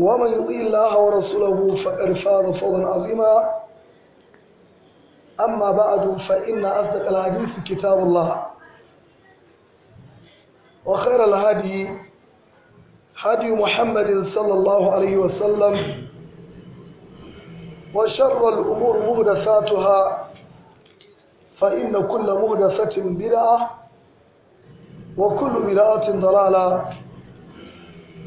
ومن يطيع الله ورسوله فقد فاز فوزا عظيما أما بعد فإن أصدق الحديث كتاب الله وخير الهدي هدي محمد صلى الله عليه وسلم وشر الأمور مهدساتها فإن كل مهدسة بدعة وكل بدعة ضلالة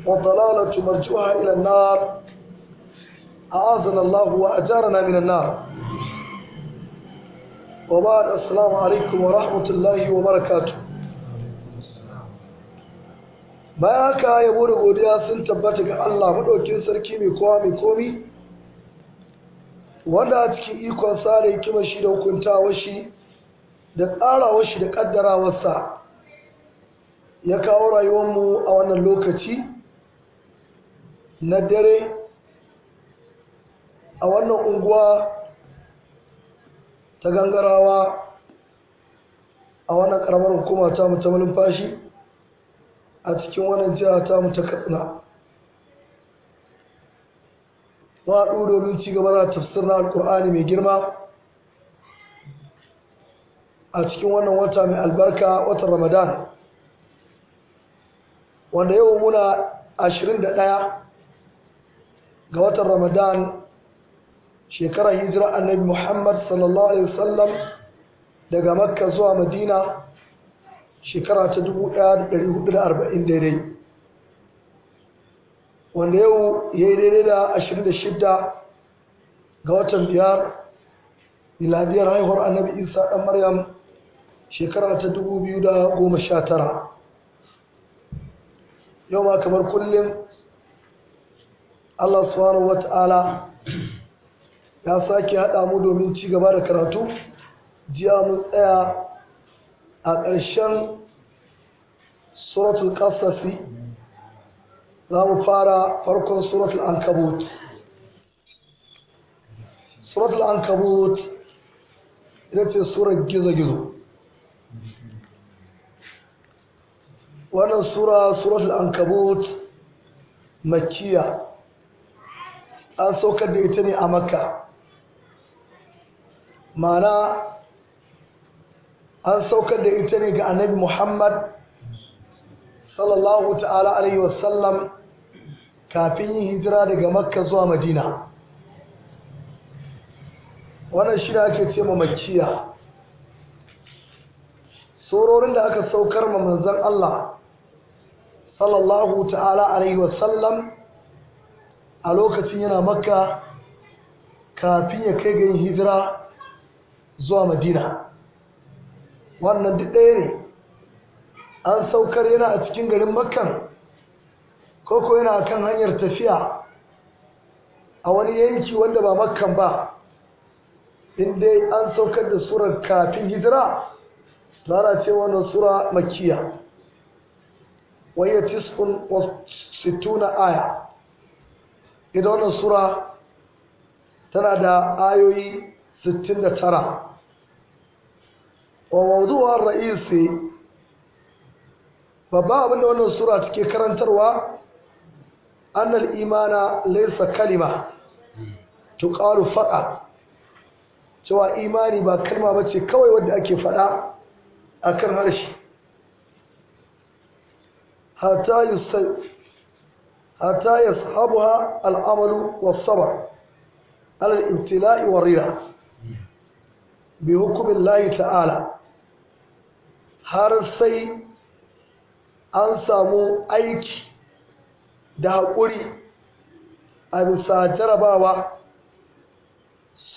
والضلالة مرجوها إلى النار أعاذنا الله وأجارنا من النار وبعد السلام عليكم ورحمة الله وبركاته bayan haka yabo da godiya sun tabbata ga Allah maɗaukin sarki mai kowa mai komi wanda a cikin ikon tsara hikima shi da hukunta washi da tsara washi da ƙaddara wasa, ya kawo rayuwanmu a wannan lokaci na dare a wannan unguwa ta gangarawa a wannan karamar hukuma ta mu ta malumfashi a cikin wannan jiha ta mu ta katsina za a domin ci gaba da tafsir na alƙur'ani mai girma a cikin wannan wata mai albarka watan ramadan wanda yau muna 21 ga watan ramadan shekarar hijira annabi muhammad sallallahu alaihi wasallam daga makka zuwa madina shekara ta 1440 daidai wanda yau ya yi daidai da 26 ga watan biyar miladiyar haihuwar annabi isa ɗan maryam shekara ta 2019 yau ma kamar kullum Allah subhanahu wata'ala ya sake haɗa mu domin ci gaba da karatu jiya mun tsaya a ƙarshen suratul ƙasasi za mu fara farkon suratul ankabut suratul ankabut ita ce surar gizo-gizo wannan sura suratul ankabut makiya an saukar da ita ne a makka mana an saukar da ita ne ga annabi muhammad sallallahu ta'ala alaihi wasallam kafin yin hijira daga makka zuwa madina wannan shi ake ce ma makkiya sororin da aka saukar ma manzan allah sallallahu ta'ala alaihi wasallam a lokacin yana makka kafin ya kai ga yin hijira zuwa madina wannan duk ɗaya ne an saukar yana a cikin garin makkan koko yana kan hanyar tafiya a wani yanki wanda ba makkan ba inda an saukar da surar kafin hijira zara ce wannan sura makiya ya tis'un wa situna aya ita wannan sura tana da ayoyi 69 wa mawdu'ar ra'isi babban abin da wannan sura take karantarwa annal imana laisa kalima tuqalu faɗa. cewa imani ba kalma ce kawai wadda ake faɗa akan harshe hatta yi hatta yashabuha al'amalu was-sabr ala al-ibtila'i war-rida bi ta'ala har sai an samu aiki da haƙuri a bisa jarabawa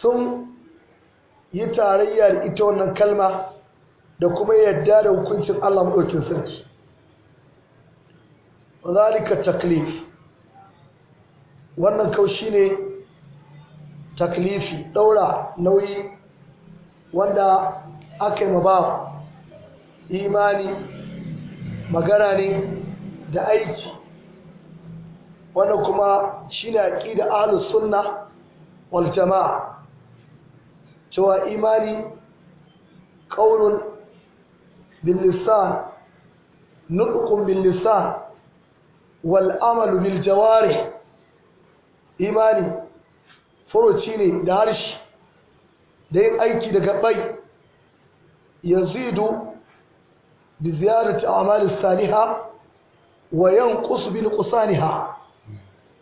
sun yi tarayya da ita wannan kalma da kuma yadda da hukuncin Allah maɗaukin sarki. Zalika taklif wannan kau ne taklifi ɗaura nauyi wanda aka yi ba imani magana ne da aiki wannan kuma shine da ahlus sunna wal jama'a cewa imani ƙaunin bil lisan nutqun bil lisan wal bil jawarih imani furuci ne da harshe da yin aiki da gabai yazidu bi ziyarati amalin saliha wa 'yan yanqus bi nuqsaniha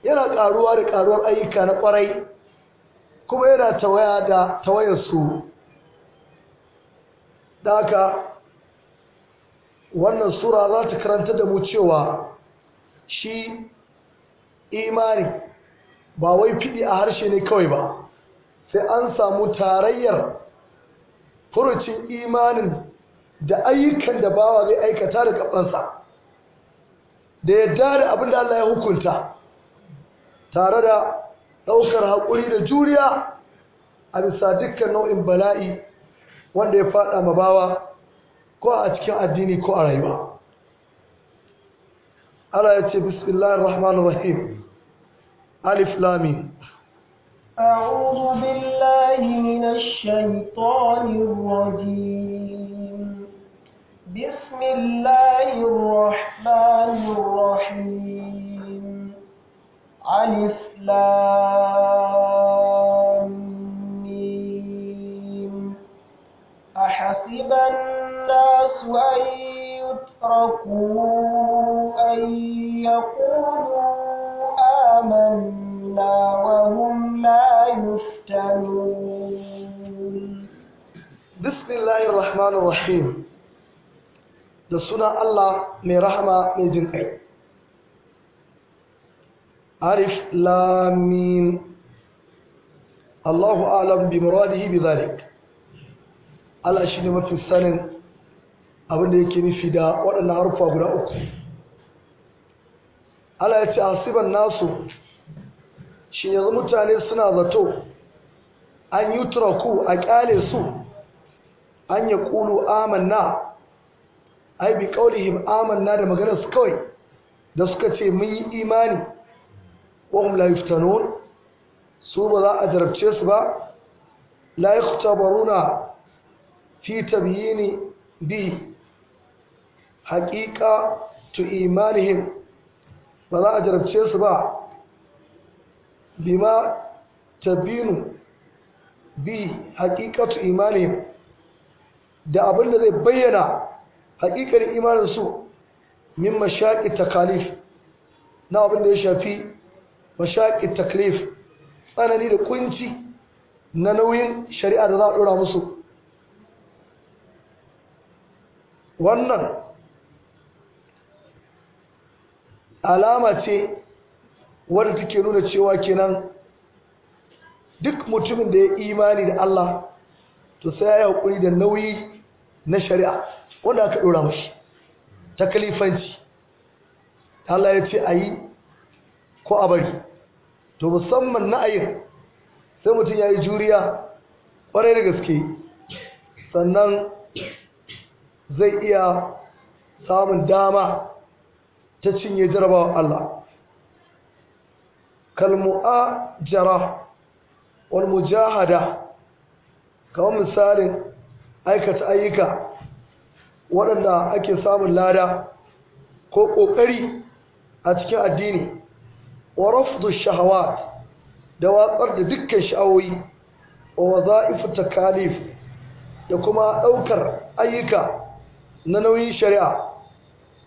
yana karuwa da karuwar ayyuka na kwarai kuma yana tawaya da tawayar su wannan sura za ta karanta da mu cewa shi imani ba wai fiɗi a harshe ne kawai ba sai an samu tarayyar furucin imanin da ayyukan da bawa zai aikata da kafansa da yadda da abin da Allah ya hukunta tare da ɗaukar haƙuri da juriya a bisa dukkan nau'in bala'i wanda ya faɗa ma bawa ko a cikin addini ko a rayuwa Allah ya ce bismillahir rahmanir rahim ألف لامي أعوذ بالله من الشيطان الرجيم بسم الله الرحمن الرحيم ألف لامين أحسب الناس أن يتركوا أن يقولوا آمنا وهم لا يفتنون بسم الله الرحمن الرحيم da sunan Allah mai rahama mai jin ƙai arif lamin Allahu alam bi muradihi bi zalik Allah shine mafi sanin abin da yake nufi da waɗannan harufa guda uku Allah ya ce asiban nasu shi yanzu mutane suna zato an yi turaku a kyale su an ya kulu amanna ai bi kaulihim amanna da maganar su kawai da suka ce mun yi imani wahum la yuftanun su ba za a jarabce su ba la yuftabaruna fi tabyini bi haƙiƙa tu imanihim ba za a jarabce su ba bima binu bi hakikatu imanin. da abin da zai bayyana haƙiƙarin imaninsu min mashaƙi takalif na abin da ya shafi mashaƙi takalif. tsanani da kunci na nauyin shari'a da za a ɗora musu wannan alama ce wadda take nuna cewa kenan duk mutumin da ya imani da Allah to sai ya hakuri da nauyi na shari'a wanda aka dora mashi ta kalifanci Allah ya ce a yi ko a bari to musamman na ayin sai mutum ya yi juriya kwarai da gaske sannan zai iya samun dama ta cinye jarabawa Allah jara wal mujahada kamar misalin aikata ayyuka waɗanda ake samun lada ko ƙoƙari a cikin addini wa rafdu shahawat da watsar da dukkan sha'awoyi wa waza'ifu takalif da kuma ɗaukar ayyuka na nauyin shari'a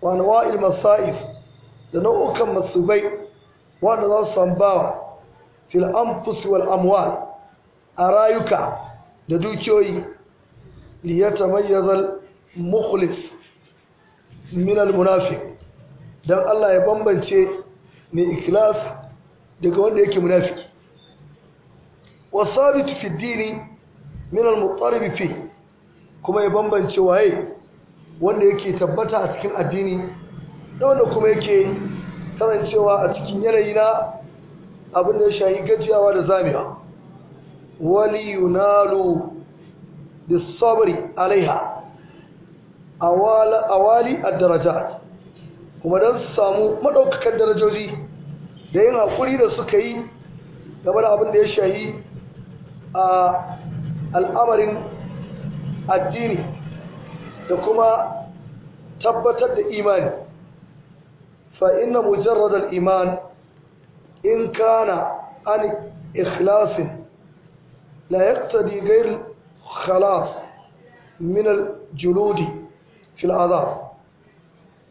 wa nawa'il masa'if da nau'ukan masubai wanda za su sambawa fil anfus wal amwal a rayuka da dukiyoyi li yatamayyaza al mukhlis min al munafiq dan Allah ya bambance mai ikhlas daga wanda yake munafiki wa sabitu fi dini min al muqarrib fi kuma ya bambance waye wanda yake tabbata a cikin addini da wanda kuma yake karancewa a cikin yanayi na abin da ya shayi gajiyawa da zamiya wali yunalu da sabari alaiha laiha, a daraja kuma don su samu maɗaukakan darajoji da yin haƙuri da suka yi gaba da abin da ya shayi a al'amarin addini da kuma tabbatar da imani fa inna mujarrad al-iman in kana an ikhlas la yaqtadi ghayr khalas min al-juludi fi al-adab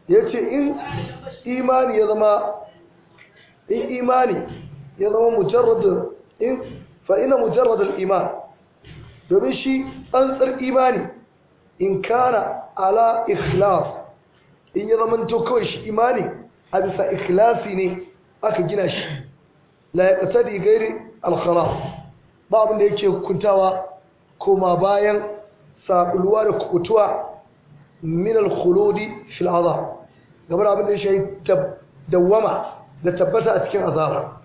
yace in imani ya zama in imani ya zama mujarrad in fa inna mujarrad al-iman domin shi an tsar imani in kana ala ikhlas in ya zama to kawai shi imani a bisa ikhlasi ne aka gina shi la ya qatadi al ba abin da yake hukuntawa koma bayan saɓulwa da kukutuwa min al-khuludi fil azab gabar abin da ya shayi dawwama da tabbata a cikin azaba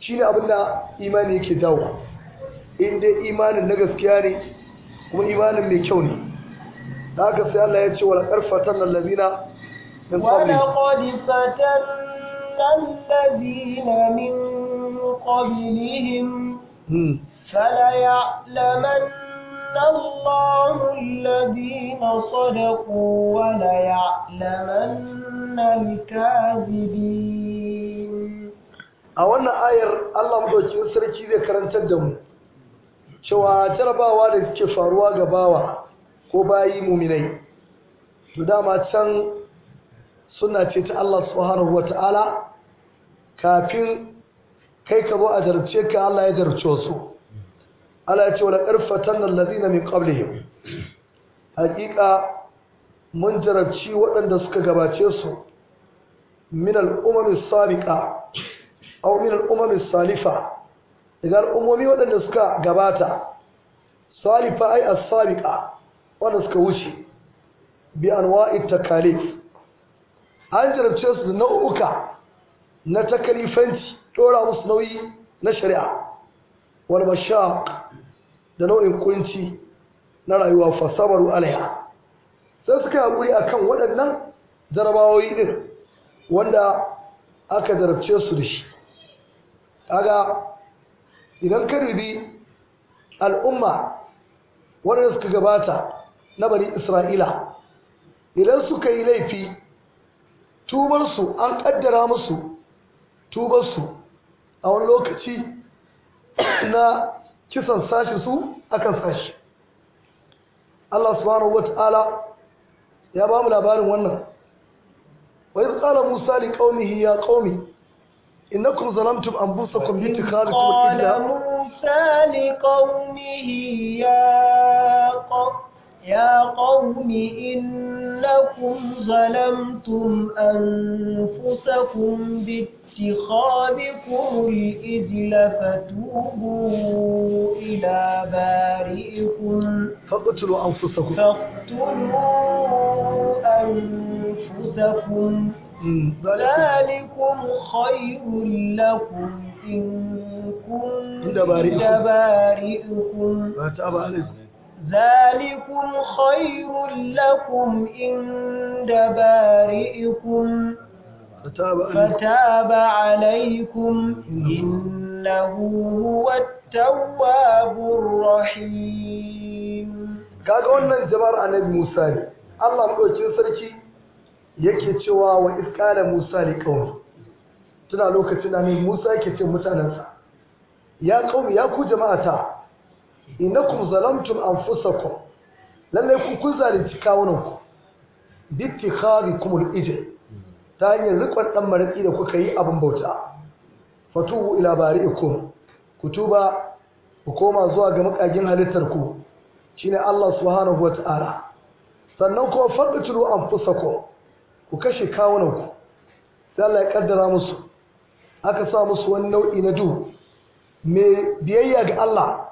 shine abin da imani yake dawo inda dai imanin na gaskiya ne kuma imanin mai kyau ne da haka sai Allah ya ce wal karfatan allazina min qabli wa laqad fatanna allazina min qablihim فليعلمن الله الذين صدقوا وليعلمن الكاذبين a wannan ayar Allah mu madaukakin sarki zai karantar da mu cewa jarabawa da take faruwa ga bawa ko bayi muminai to dama can suna ce ta Allah subhanahu wata'ala kafin kai ka zo a jarabce ka Allah ya jarabce su Allah ya ce wala karfatan allazina min qablihim hakika mun jarabci waɗanda suka gabace su min al'umami sabiqa aw min al'umami salifa daga al'ummomi waɗanda suka gabata salifa ai as-sabiqa wanda suka wuce bi anwa'i takalif an jarabce su da nau'uka na takalifanci dora musu nauyi na shari'a wal mashaq da nau'in kunci na rayuwa fasabaru alaiha sai suka haƙuri a kan waɗannan jarabawoyi ɗin wanda aka jarabce su da shi kaga idan ka dubi al'umma waɗanda suka gabata na bari isra'ila idan suka yi laifi tubarsu an kaddara musu tubarsu a wani lokaci na kisan sashi su akan sashi Allah subhanahu ta'ala ya ba mu labarin wannan Wai su musa li qaumihi ya qaumi إنكم ظلمتم أنفسكم باتخاذكم الإله musa موسى لقومه يا قوم إنكم ظلمتم أنفسكم باتخاذكم الإذل فتوبوا إلى بارئكم فاقتلوا أنفسكم فاقتلوا أنفسكم ذلكم خير لكم إن كنتم بارئكم ما تاب عليكم ذلكم خير لكم عند بارئكم فتاب عليكم إنه هو التواب الرحيم kaga wannan jama'ar annabi Musa ne Allah madaukakin sarki yake cewa wa iskala Musa ne kawai tuna lokacin da Musa yake ce mutanansa ya kawai ya ku jama'ata innakum zalamtum anfusakum lallai ku kun zalunci kawunan ku bittikhadikum al-ijl ta hanyar rikon dan maraki da kuka yi abin bauta fatubu ila bari'ikum ku tuba ku koma zuwa ga makagin halittar ku shine Allah subhanahu wata'ala sannan kuma fadtulu anfusakum ku kashe kawunan ku sai Allah ya kaddara musu aka sa musu wani nau'i na duhu Me biyayya ga Allah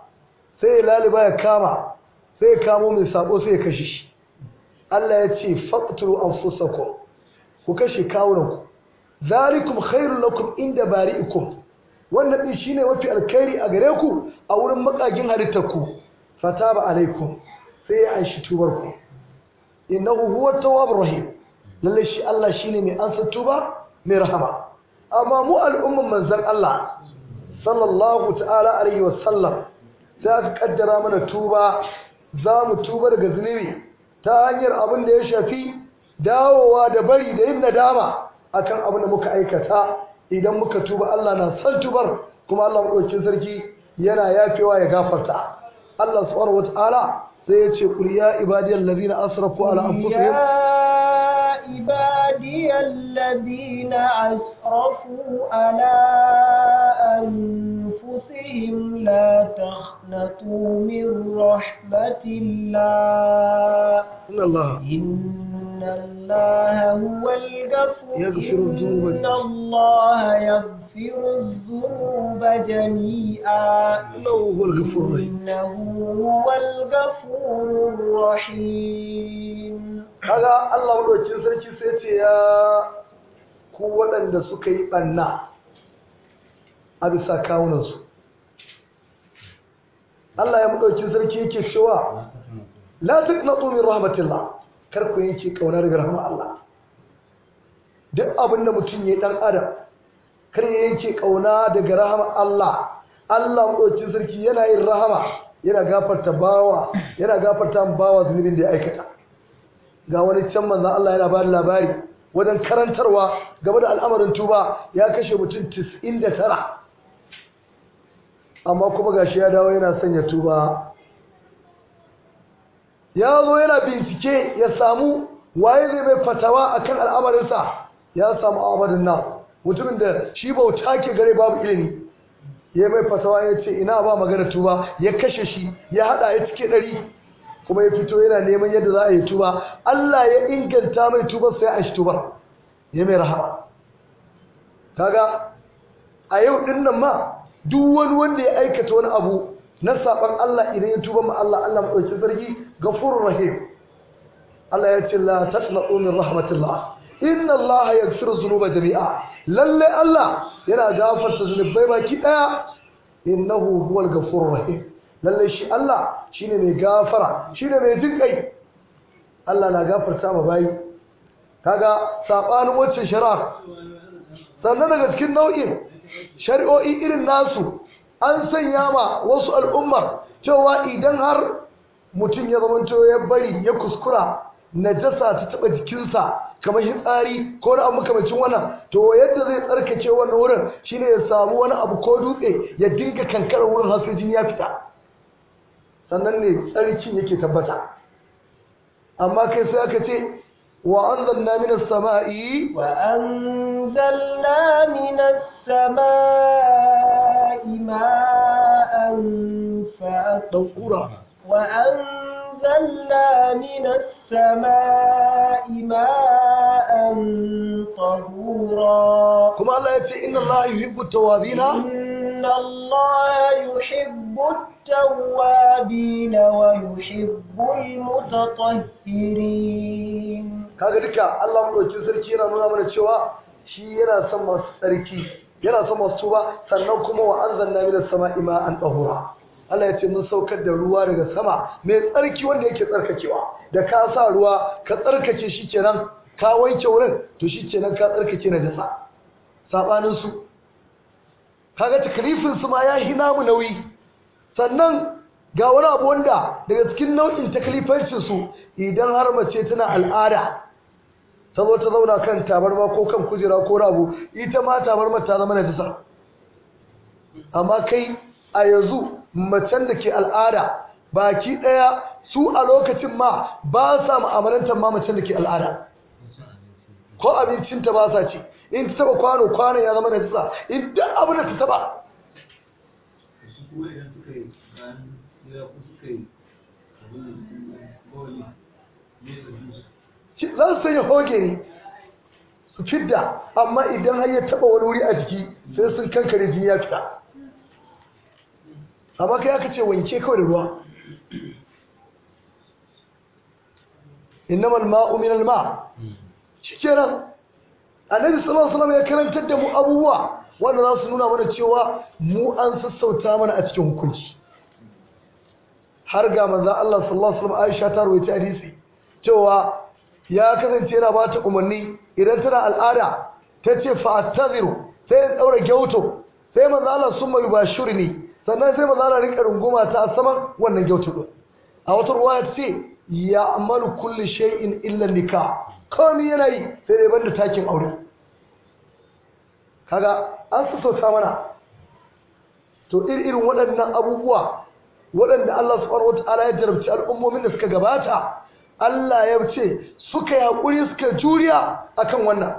sai ya laliba ya kama sai ya kamo mai sabo sai ya kashe shi Allah ya ce faqtulu anfusakum ku kashe kawunanku zalikum khairul lakum inda bari'ikum wannan din shine mafi alkhairi a gare ku a wurin makagin halittarku fataba alaikum sai ya anshi tubarku innahu huwa tawwabur rahim lalle shi Allah shine mai ansa tuba mai rahama amma mu al'umman manzon Allah sallallahu ta'ala alaihi sai aka kaddara mana tuba za mu tuba daga zunubi ta hanyar abin da ya shafi dawowa da bari da yin nadama akan abin da muka aikata idan muka tuba Allah na san tubar kuma Allah madaukakin sarki yana yafewa ya gafarta Allah subhanahu wataala sai ya ce qul ya ibadiyal ladina asrafu ala anfusihim ya ibadiyal ladina asrafu ala anfusihim بِهِمْ لَا تَخْنَطُوا مِنْ رَحْمَةِ اللَّهِ إن الله إن الله هو الغفور يغفر الذنوب إن الله يغفر الذنوب جميعا إنه هو الغفور الرحيم إنه هو الغفور الرحيم هذا الله هو سركي سيتي يا ku waɗanda suka yi ɓanna a Allah ya madaukin sarki yake cewa la taqnatu min rahmatillah kar ku yanke kauna daga rahama Allah duk abin da mutum ya dan adam kar ya yanke kauna daga rahama Allah Allah madaukin sarki yana yin rahama yana gafarta bawa yana gafarta bawa zunubin da ya aikata ga wani can manza Allah yana ba labari wajen karantarwa game da al'amarin tuba ya kashe mutum 99 amma kuma gashi ya dawo yana ya tuba ya zo yana bincike ya samu waye zai mai fatawa akan al'amarinsa ya samu amadin na mutumin da shi bauta ke gare babu ilimi ya mai fatawa ya ce ina ba magana tuba ya kashe shi ya hada ya cike ɗari kuma ya fito yana neman yadda za a yi tuba Allah ya inganta mai tubar sai a shi tubar ya mai rahama kaga a yau din nan ma duk wani wanda ya aikata wani abu na saɓan Allah idan ya tuba ma Allah Allah madaukakin zargi ghafurur rahim Allah ya ce la tasma'u min rahmatillah inna Allah yaghfiru dhunuba jami'a lalle Allah yana gafarta zunubai baki daya innahu huwal ghafurur rahim lalle shi Allah shine mai gafara shine mai jinkai Allah na gafarta ma bayi kaga saɓanin wacce shari'a sannan daga cikin nau'in shari'o'i irin nasu an sanya ma wasu al'ummar cewa idan har mutum ya zamanto ya bari ya kuskura najasa ta taba jikinsa kamar tsari ko na abu makamacin wannan to yadda zai tsarkace wannan wurin shine ya samu wani abu ko dutse ya dinga kankarar wurin har sai jini ya fita sannan ne tsarkin yake tabbata amma kai sai aka ce وأنزلنا من السماء وأنزلنا من السماء ماء فأطهر وأنزلنا من السماء ماء طهورا كما الله يتي إن الله يحب التوابين إن الله يحب التوابين ويحب المتطهرين kaga duka Allah madaukin sarki yana nuna mana cewa shi yana son masu sarki yana son masu tuba sannan kuma wa anzalna da sama'i an tahura Allah ya ce mun saukar da ruwa daga sama mai tsarki wanda yake tsarkakewa da ka sa ruwa ka tsarkake shi kenan ka wanke wurin to shi kenan ka tsarkake na jasa sabanin su kaga takrifin su ma ya hina mu nauyi sannan ga wani abu wanda daga cikin nau'in taklifancinsu idan har mace tana al'ada ta zo zauna kan tabarma ko kan kujera ko rabu ita ma tabarma ta zama na najisa amma kai a yanzu macen da ke al'ada baki ɗaya su a lokacin ma ba sa mu'amalantar ma macen da ke al'ada ko abincinta ba sa ci in ta taba kwano kwanon ya zama najisa in duk abin da ta taba za su sanya hokeri su fidda amma idan har ya taba wani wuri a jiki sai sun kankare jini ya fita amma kai aka ce wanke kawai da ruwa innamal ma'u minal ma shikenan annabi sallallahu alaihi wasallam ya karantar da mu abubuwa wanda za su nuna mana cewa mu an sassauta mana a cikin hukunci har ga manzan Allah sallallahu alaihi wasallam Aisha ta rawaita hadisi cewa ya kasance yana ba ta umarni idan tana al'ada ta ce fa'attaziru sai ya daura gyauto sai manzan Allah sun mai bashuri ne sannan sai manzan Allah rinka runguma ta a saman wannan gyauto din a wata ruwaya ya ce ya amalu kulli shay'in illa lika komai yana yi sai dai banda takin aure kaga an sassauta mana to irin waɗannan abubuwa waɗanda Allah subhanahu wataala ya jarabci al'ummomin da suka gabata Allah ya ce suka yaƙuri suka juriya akan wannan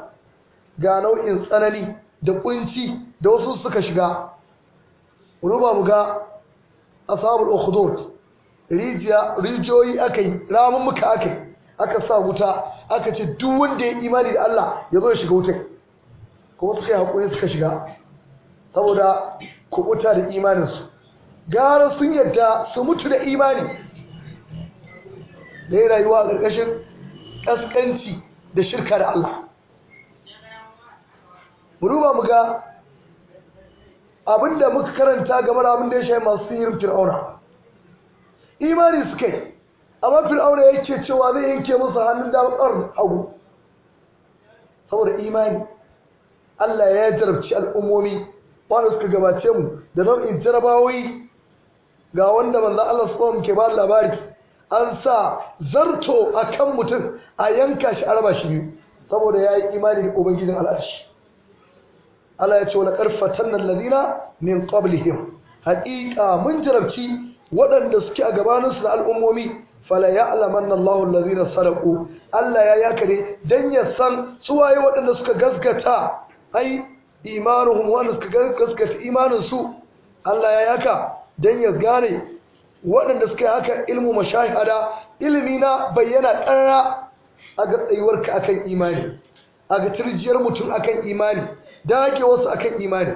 ga nau'in tsanani da ƙunci da wasu suka shiga ruba mu ga ashabul ukhdud rijiya rijiyoyi yi ramun muka yi aka sa wuta aka ce duk wanda ya imani da Allah ya zo ya shiga wutai. kuma suka yi haƙuri suka shiga saboda kubuta da imaninsu gara sun yadda su mutu da imani da ya rayuwa a ƙarƙashin ƙasƙanci da shirka da Allah mu duba mu ga abinda muka karanta game da abinda ya shayi masu sihirin fir'auna imani suka yi amma fir'auna yake cewa zai yanke musu hannun damar hagu saboda imani Allah ya jarabci al'ummomi wanda suka gabace mu da nau'in jarabawoyi ga wanda manzan Allah sallallahu ke ba labari an sa zarto a kan mutum a yanka shi araba shi biyu saboda ya yi imani da ubangijin al'arshi Allah ya ce wani ƙarfatan nan lazina min qablihim haƙiƙa mun jarabci waɗanda suke a gabaninsu na al'ummomi fala ya'laman Allahu allazina sadaqu Allah ya ne dan ya san su waye waɗanda suka gaskata ai imanuhum wa suka gaskata imanin su Allah ya yaka don ya gane waɗanda suka yi haka ilmu mashahada ilimi na bayyana ƙarra a ga tsayuwarka akan imani a ga turjiyar mutum akan imani da ake wasu akan imani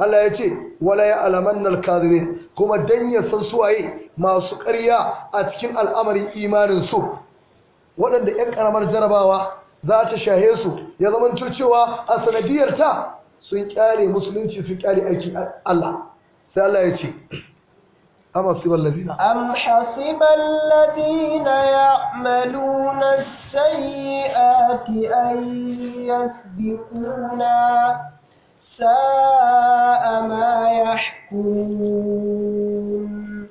Allah ya ce wala ya alamannar kazirin kuma dan ya san suwaye masu ƙarya a cikin al'amarin imanin su waɗanda 'yan ƙaramar jarabawa za ta shahe su ya zama cewa a sanadiyar ta sun kyale musulunci sun kyale aiki Allah sai Allah ya ce أم حسب الذين أم حسب الذين يعملون السيئات أن يسبقونا ساء ما يحكمون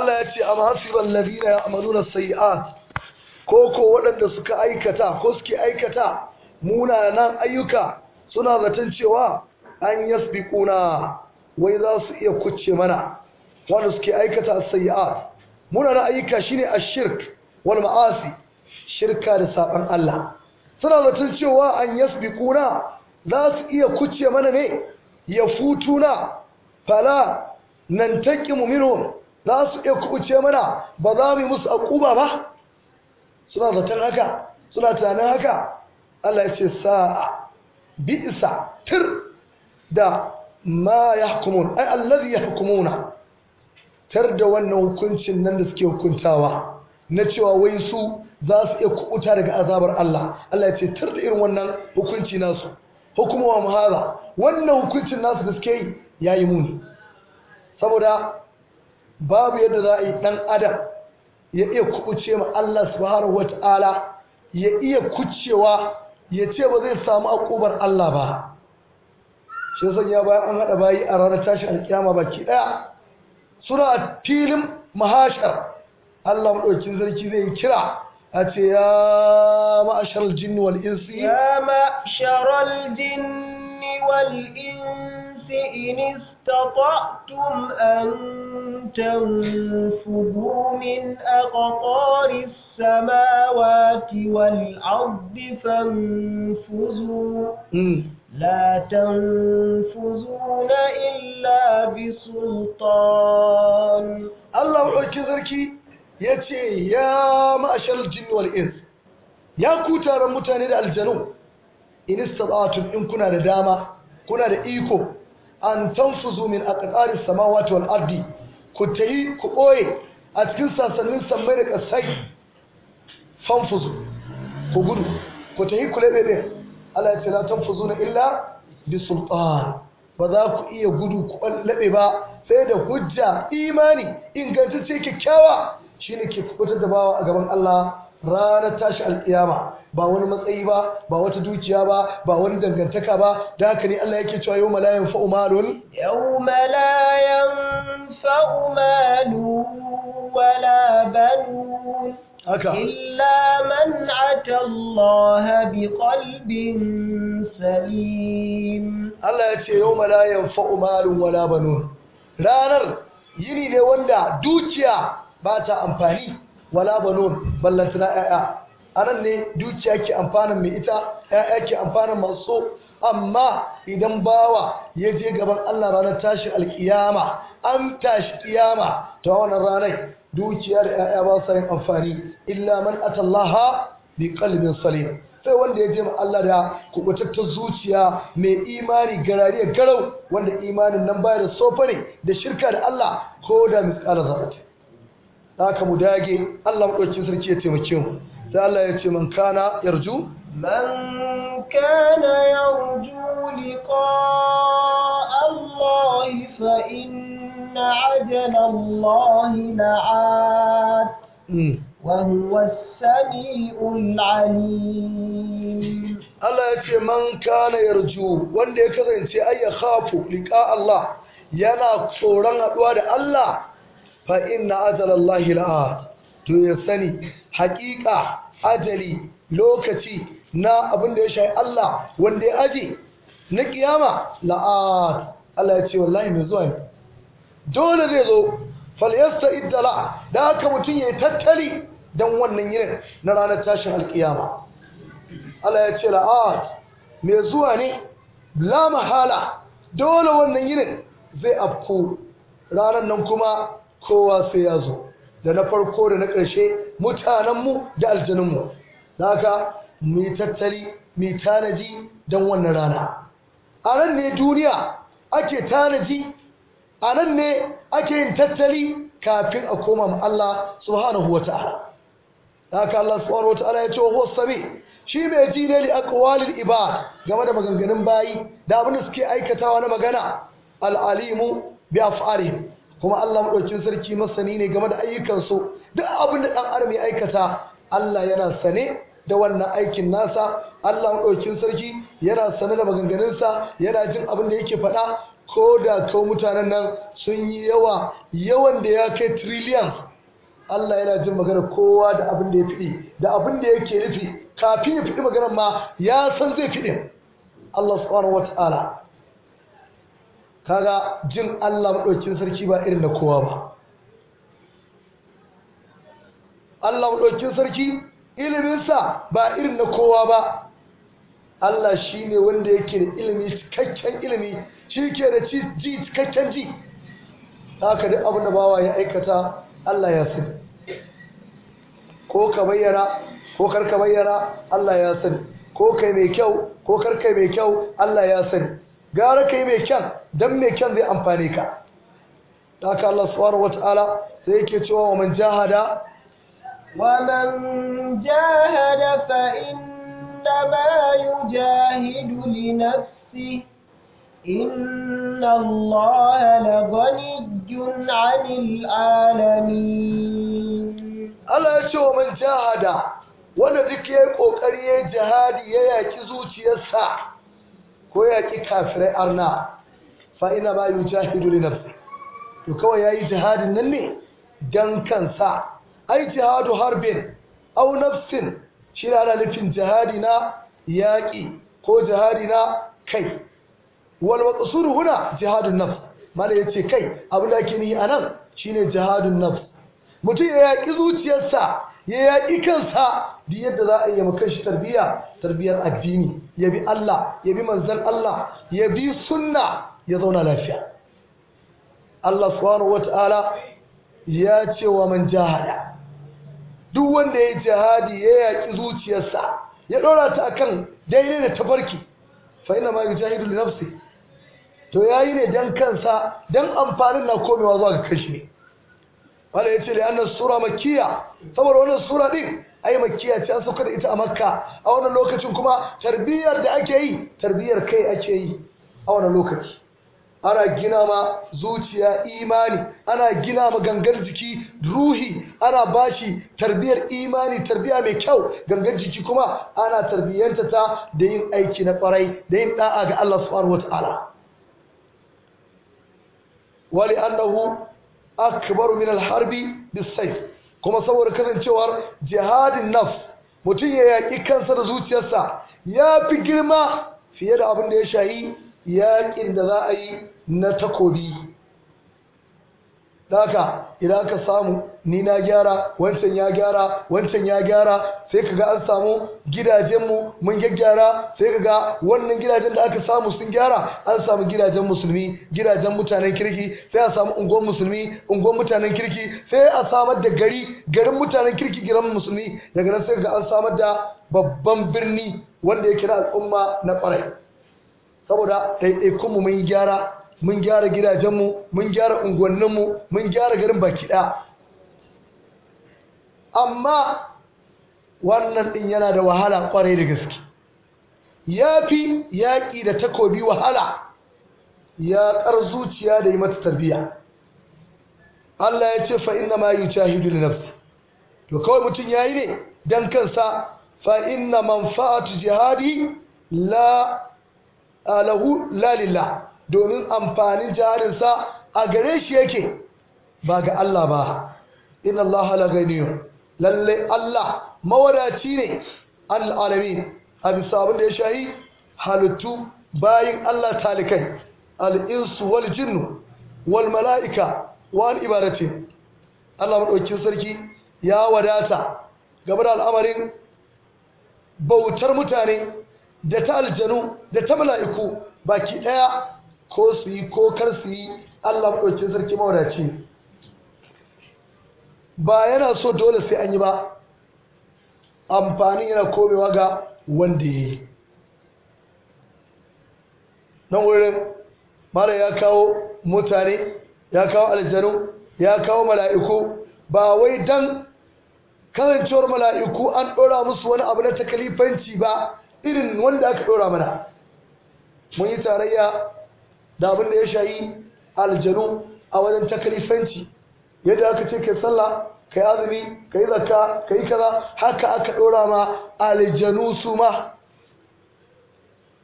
الله يأتي أم حسب الذين يعملون السيئات koko waɗanda suka aikata ko suke aikata munanan ayyuka suna zaton cewa an yasbiquna wai za su iya kuce mana wanda suke aikata as munana ayyuka shine ash-shirk wal ma'asi shirka da saban Allah suna zaton cewa an yasbiquna za su iya kuce mana ne ya futuna fala nan taqimu minhum za su iya kuce mana ba za mu musu akuba ba suna zaton haka suna tunanin haka Allah ya ce sa'a bi'sa tir da ma yahkumun ay allazi yahkumuna tar da wannan hukuncin nan da suke hukuntawa na cewa wai su za su iya kubuta daga azabar Allah Allah ya ce tar da irin wannan hukunci nasu hukuma wa muhaza wannan hukuncin nasu da suke yi yayi muni saboda babu yadda za a yi dan adam ya iya kubuce ma Allah subhanahu wataala ya iya kucewa ya ce ba zai samu akubar Allah ba shi sanya bayan an hada bayi a ranar tashin alkiyama baki daya suna filin mahashar Allah maɗaukin sarki zai kira a ce ya ma'ashar jini wal insi ya ma'ashar jini wal insi in istata'tum an tanfudu min aqtaris samawati wal ardi fanfuzu hmm. لا تنفذون إلا بسلطان الله وحكي ذركي يتي يا معشر الجن والإنس يا كوتار متاني الجنو إن استطعتم إن كنا لداما كنا لإيكو أن تنفذوا من أقطار السماوات والأرض كتي كؤوي أتكن من سميرك السيد فانفذوا كبروا كتي كلي بيه Allah ya ce la na illa bi sultan ba za ku iya gudu ku ba sai da hujja imani ingantacce kyakkyawa shine ke kubutar da bawa a gaban Allah ranar tashi alkiyama ba wani matsayi ba ba wata dukiya ba ba wani dangantaka ba da haka ne Allah yake cewa yawma la yanfa'u malun yawma la yanfa'u malun wala banun إلا من أتى الله بقلب سليم الله يتشي يوم لا ينفع مال ولا بنون رانر yini ne wanda dukiya ba ta amfani wala banon ballantana ƴaƴa anan ne dukiya ke amfanin mai ita ƴaƴa ke amfanin masu amma idan bawa ya je gaban Allah ranar tashi alkiyama an tashi ƙiyama ta wannan ranar dukiyar ‘ya'ya ba sa yin amfani illa man atallaha bi qalbin salim sai wanda ya je ma Allah da kubutattar zuciya mai imani garariya garau wanda imanin nan baya da sofa ne da shirka da Allah ko da misƙalar zarrati haka mu dage Allah maɗauki sarki ya taimake mu sai Allah ya ce man kana yarju man kana yarju liqa Allah fa inna إن عجل الله لعات وهو السميع العليم Allah ya ce man kana yarju wanda ya kasance ai ya khafu liqa Allah yana tsoron haduwa da Allah fa inna Allah la'a to ya sani haƙiƙa ajali lokaci na abin da ya shayi Allah wanda ya aji na kiyama la'at Allah ya ce wallahi mai zuwa ne dole zai zo falyasta iddala da aka mutum ya yi tattali don wannan yinin na ranar tashin alkiyama Allah ya ce la'ad mai zuwa ne la mahala dole wannan yinin zai afku ranar nan kuma kowa sai ya zo da na farko da na ƙarshe mutanenmu da aljaninmu da aka mai tattali mai tanaji don wannan rana a ran ne duniya ake tanaji a nan ne ake yin tattali kafin a koma ma Allah subhanahu wa ta'ala haka Allah subhanahu wa ta'ala ya ce huwa sami shi mai ji ne li aqwalil ibad game da maganganun bayi da abin da suke aikatawa na magana al alimu bi af'alihim kuma Allah madaukin sarki masani ne game da ayyukan su duk abin da dan adam ya aikata Allah yana sane da wannan aikin nasa Allah madaukin sarki yana sane da maganganunsa yana jin abin da yake faɗa ko da ko mutanen nan sun yi yawa yawan da ya kai trillions Allah yana jin magana kowa da abin da ya fiɗi da abin da yake nufi kafin ya fiɗi magana ma ya san zai fiɗi Allah subhanahu wata'ala kaga jin Allah maɗaukin sarki ba irin na kowa ba Allah maɗaukin sarki iliminsa ba irin na kowa ba Allah shi ne wanda yake da ilimi cikakken ilimi shi ke da ji cikakken ji haka duk abin da bawa ya aikata Allah ya sani ko ka bayyana ko karka bayyana Allah ya sani ko kai mai kyau ko karka mai kyau Allah ya sani gara kai mai kyan dan mai kyan zai amfani ka haka Allah subhanahu wataala sai yake cewa wa man jahada wa man jahada fa in na يجاهد لنفسه إن الله لغني عن العالمين الله يشوف من جاهد wanda duk ya yi ƙoƙari ya jihadi ya yaƙi zuciyarsa ko ya yaƙi kafirai arna fa'ina ba yi jahidu ne nafsi to kawai ya yi jihadin ne don kansa ai jihadu harbin au nafsin shi da ana nufin jihadi na yaƙi ko jihadi na kai wal maqsur huna jihadun nafs ya yace kai abu da ake yi anan shine jihadun nafs mutum ya yaƙi zuciyarsa ya yaƙi kansa duk yadda za a yi makan shi tarbiyya tarbiyyar addini ya bi Allah ya bi manzan Allah ya bi sunna ya zauna lafiya Allah subhanahu wataala ya ce wa man jahada duk wanda ya jihadi ya yaƙi zuciyarsa ya ɗora ta kan daidai da tafarki fa ina ma jahidu da nafsi to ya yi ne don kansa dan amfanin na komewa zuwa ga kashi ne wanda ya ce liyanar sura makiya saboda wannan sura din ai makiya ce an sauka da ita a makka a wannan lokacin kuma tarbiyyar da ake yi tarbiyyar kai ake yi a wannan lokaci ana gina ma zuciya imani ana gina ma gangar jiki ruhi ana bashi tarbiyar imani tarbiya mai kyau gangan jiki kuma ana tarbiyyanta ta da yin aiki na kwarai da yin da'a ga Allah subhanahu wataala wali annahu akbaru min alharbi bisayf kuma saboda kasancewar jihadin nafs mutum ya yaƙi kansa da zuciyarsa ya fi girma fiye da abin da ya shayi yaƙin da za a yi na takobi Daka idan ka samu ni na gyara wancan ya gyara wancan ya gyara sai kaga an samu gidajenmu mun gyaggyara sai kaga wannan gidajen da aka samu sun gyara an samu gidajen musulmi gidajen mutanen kirki sai a samu unguwar musulmi unguwar mutanen kirki sai a samar da gari garin mutanen kirki garin musulmi daga nan sai kaga an samar da babban birni wanda ya kira al'umma na kwarai saboda ɗaiɗaikunmu mun yi gyara mun gyara gidajenmu mun gyara unguwanninmu mun gyara garin baki ɗaya amma wannan ɗin yana da wahala ƙwarai da gaske ya fi yaƙi da takobi wahala ya ƙar zuciya da yi mata tarbiyya Allah ya ce fa inna ma yujahidu da nafsi to kawai mutum ya yi ne dan kansa fa inna manfa'atu jihadi la alahu lalila. domin amfanin jarinsa a gare shi yake ba ga Allah ba in Allah la lalle Allah mawadaci ne al'alami a bisa abin da ya shahi halittu bayin Allah talikai al'insu wal jinnu wal mala'ika wal ibadati Allah maɗaukin sarki ya wadata gaba da al'amarin bautar mutane da ta aljanu da ta mala'iku baki ɗaya ko su yi ko kar su yi Allah maɗauki sarki mawadaci ba yana so dole sai an yi ba amfani yana komewa ga wanda ya yi nan wurin mara ya kawo mutane ya kawo aljanu ya kawo mala'iku ba wai dan kasancewar mala'iku an ɗora musu wani abu na takalifanci ba irin wanda aka ɗora mana mun yi tarayya da abin da ya shayi aljanu a wajen takalifanci yadda aka ce kai sallah yi azumi kai zakka yi kaza haka aka ɗora ma aljanu su ma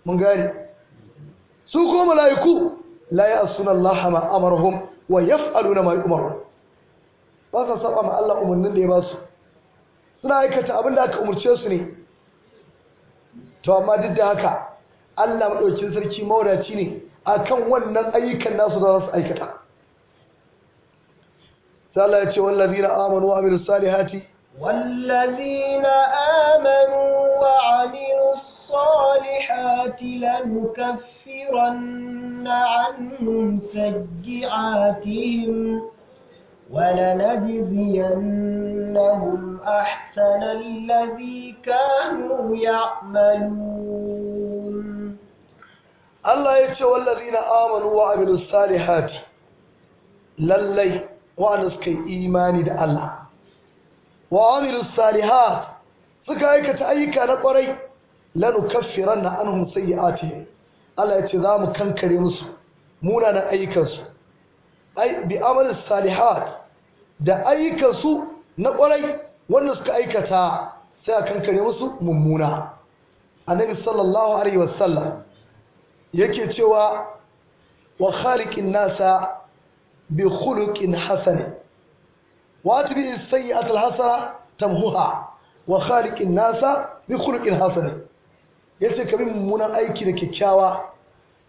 mun gani su ko malaiku la sunan Allah ma amarhum wa yaf'aluna mai umaru ba sa saba ma Allah umarnin da ya ba su suna aikata abin da aka umarce su ne to amma duk da haka Allah maɗaukin sarki mawadaci ne akan wannan ayyukan nasu da su aikata sai Allah ya ce wallazina amanu wa amilus salihati amanu wa amilus salihati lanukaffiranna عنهم sayyi'atihim ولنجزينهم أحسن الذي كانوا يعملون Allah ya ce wallazina amanu wa amilus salihati lallai wa'anda suka yi imani da Allah wa amilus salihat suka aikata ayyuka na kwarai lanukaffiranna anhum sayyi'atihim Allah ya ce za mu kankare musu munanan ayyukansu ai bi amilus salihat da ayyukansu na kwarai wanda suka aikata sai a kankare musu mummuna annabi sallallahu alaihi wasallam yake cewa wa khaliqin nasa bi khuluqin hasani wa atbi as-sayyi'ata tamhuha wa khaliqin nasa bi khuluqin hasan yace kabi mummunan aiki da kyakkyawa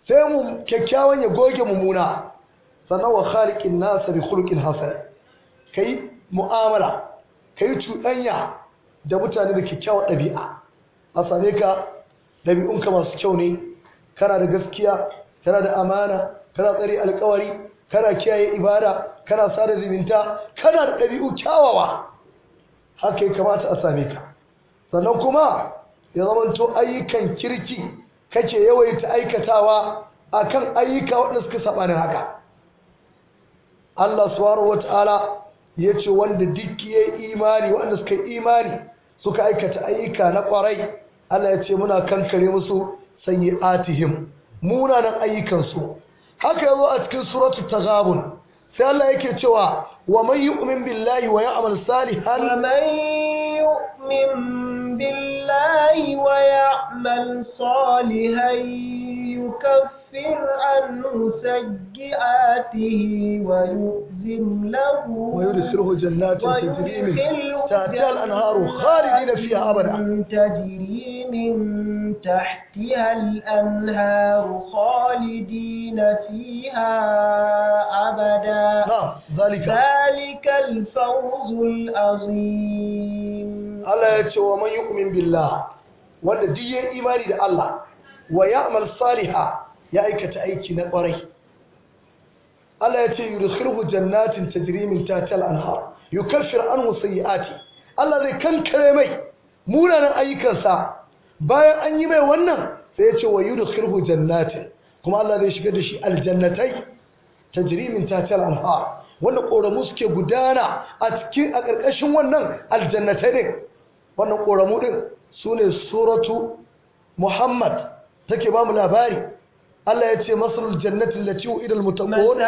sai mu kyakkyawan ya goge mumuna sannan wa khaliqin nasa bi khuluqin ka kai mu'amala kai cuɗanya da mutane da kyakkyawar ɗabi'a a same ka ɗabi'unka masu kyau ne kana da gaskiya kana da amana kana tsare alkawari kana kiyaye ibada kana sada zumunta kana da ɗabi'u kyawawa haka ya kamata a same ka sannan kuma ya zamanto ayyukan kirki kake yawaita aikatawa akan ayyuka waɗanda suka saɓanin haka Allah subhanahu wata'ala ya ce wanda duk ya imani waɗanda suka imani suka aikata ayyuka na ƙwarai Allah ya ce muna kankare musu sayyi'atihim munanan ayyukansu haka yazo a cikin suratul taghabun sai Allah yake cewa wa man yu'min billahi wa ya'mal salihan wa man yu'min billahi wa ya'mal salihan yukaffir يكفر عنه سيئاته ويؤزم له ويدخله جنات تجري من تحتها الأنهار خالدين فيها أبدا تجري من تحتها الأنهار خالدين فيها أبدا نعم ذلك ذلك الفوز العظيم الله يتشوى من يؤمن بالله wanda duk yayin imani da Allah wa ya'mal saliha ya aikata aiki na kwarai Allah ya ce yi yudkhilhu jannatin tajri min tahtiha al-anhar yukaffir anhu sayyi'ati Allah zai kankare mai munanan ayyukansa bayan an yi mai wannan sai ya ce wa yudkhilhu jannatin kuma Allah zai shiga da shi aljannatai tajri min tahtiha anhar wanda koramu suke gudana a cikin a ƙarƙashin wannan aljannatai ne wannan koramu din sune suratu Muhammad take ba mu labari الله يتي مصر الجنة التي وعد المتقون مثل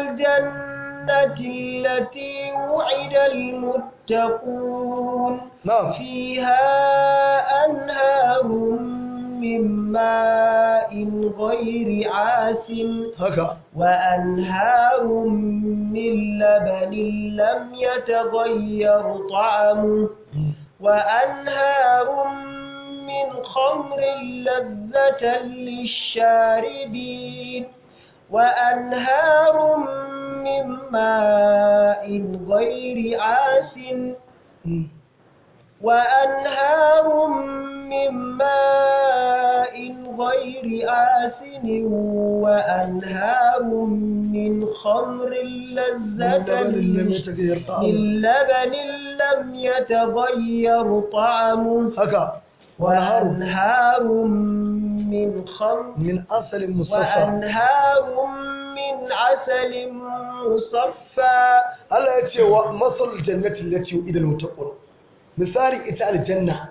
الجنة التي وعد المتقون نعم فيها أنهار من ماء غير عاس هكا وأنهار من لبن لم يتغير طعمه وأنهار من خمر لذة للشاربين وأنهار من ماء غير آسن وأنهار من ماء غير آسن وأنهار من خمر لذة للبن لم يتغير طعمه وأنهار من خمر من عسل مصفى وأنهار من عسل مصفى الله يتي ومثل الجنة التي وإذا المتقون مثال إتاء الجنة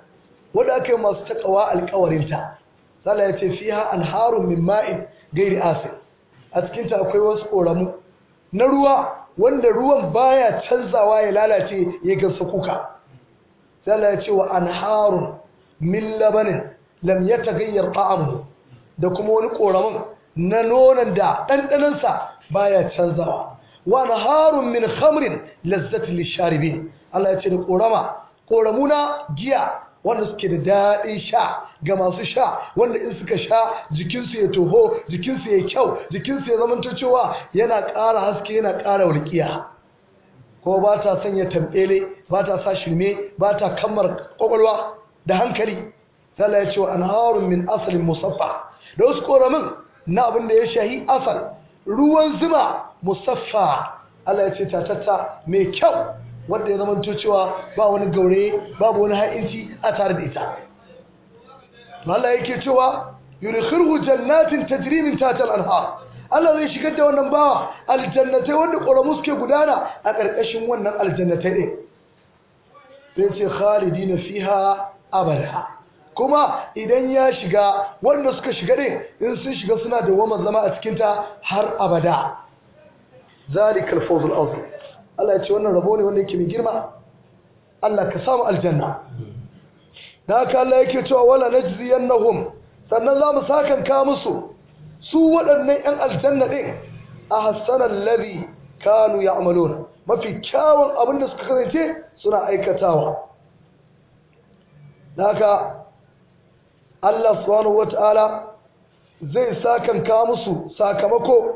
ولكن ما استقوى القورنتا الله يتي فيها أنهار من ماء غير آسل أتكنت أكوي وسقورم نروى wanda ruwan baya canzawa ya lalace ya gasa kuka sai Allah ya ce wa anharun min labanin lam ya tagayyar ta'amu da kuma wani koramin na nonon da ɗanɗanansa baya canzawa wa harun min hamrin lazzat lisharibi Allah ya ce da korama koramuna giya wanda suke da daɗin sha ga masu sha wanda in suka sha jikinsu ya toho jikinsu ya kyau jikinsu ya zamanta cewa yana ƙara haske yana ƙara walƙiya ko ba ta sanya tambele ba ta sa shirme ba ta kammar ƙwaƙwalwa da hankali sallah ya ce wa anharun min asalin musaffa da wasu koramin na abin da ya shahi asal ruwan zuma musaffa Allah ya ce tatatta mai kyau wanda ya zama cewa ba wani gaure babu wani ha'inci a tare da ita Allah yake cewa yurkhirhu jannatin ta min tahtiha Allah zai shigar da wannan bawa aljannatai wanda ƙoramu suke gudana a ƙarƙashin wannan aljannatai ɗin sai ce khalidina fiha abada kuma idan ya shiga wanda suka shiga din in sun shiga suna da wamar zama a cikinta har abada zalikal fawzul azim Allah ya ce wannan rabo ne wanda yake mai girma Allah ka samu aljanna da haka Allah yake cewa wala najziyannahum sannan za mu sakanka musu su waɗannan 'yan aljanna ɗin a hassanan labi kanu ya mafi kyawun abin da suka kasance suna aikatawa haka Allah subhanahu wata'ala zai sakanka musu sakamako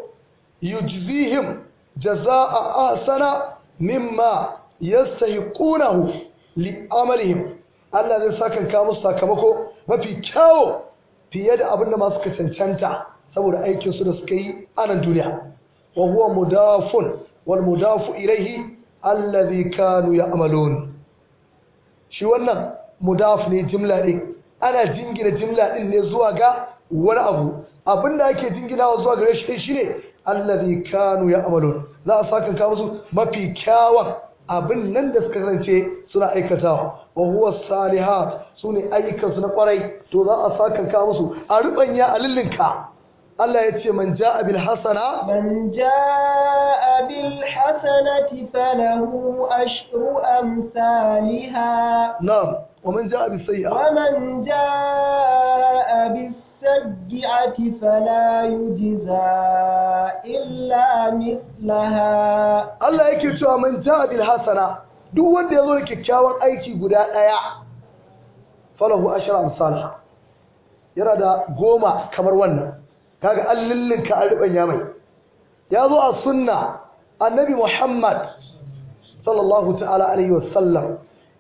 yujzihim jaza'a ahsana mimma yastahiqunahu li'amalihim Allah zai sakanka musu sakamako mafi kyawo fiye da abin da masu cancanta saboda aikin su da suka yi a nan duniya wa huwa mudafun wal mudafu ilaihi allazi kanu ya'malun shi wannan mudaf ne jimla ɗin ana jingina jimla ɗin ne zuwa ga wani abu abin da ake jinginawa zuwa gare shi shi ne allazi kanu ya amalon za a sa musu mafi kyawun abin nan da suka kasance suna aikatawa wa huwa salihat su ne ayyukansu na kwarai to za a sa musu a rubanya a lillinka Allah ya ce man ja'a bil hasana man ja'a bil hasanati falahu ashru amsalha na'am ومن جاء بالسيئة ومن جاء بالسيئة فلا يجزى إلا مثلها الله يكي شو من جاء بالحسنة دو وند يزو كيكاوان أيكي غدا دايا فله عشر أمثالها yana da goma kamar wannan kaga an lullinka an rubanya mai ya zo a sunna annabi muhammad sallallahu ta'ala alaihi wasallam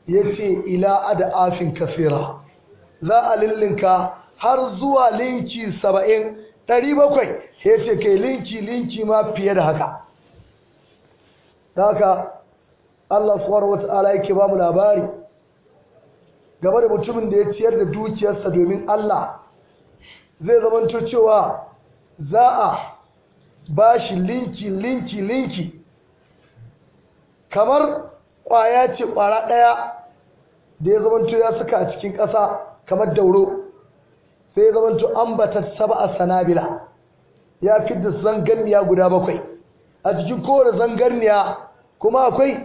ya ce ila adafin kasira za a lillinka har zuwa linki saba'in ɗari bakwai ya ce kai linki linki ma fiye da haka da haka Allah subhanahu wata'ala yake ba mu labari gaba da mutumin da ya ciyar da dukiyarsa domin Allah zai zamanto cewa za a ba shi linki linki linki kamar Kwaya ce ƙwara ɗaya da ya zamanto ya suka a cikin ƙasa kamar dauro sai ya zamanto an bata saba a sanabila ya da zangarniya guda bakwai a cikin kowane zangarniya kuma akwai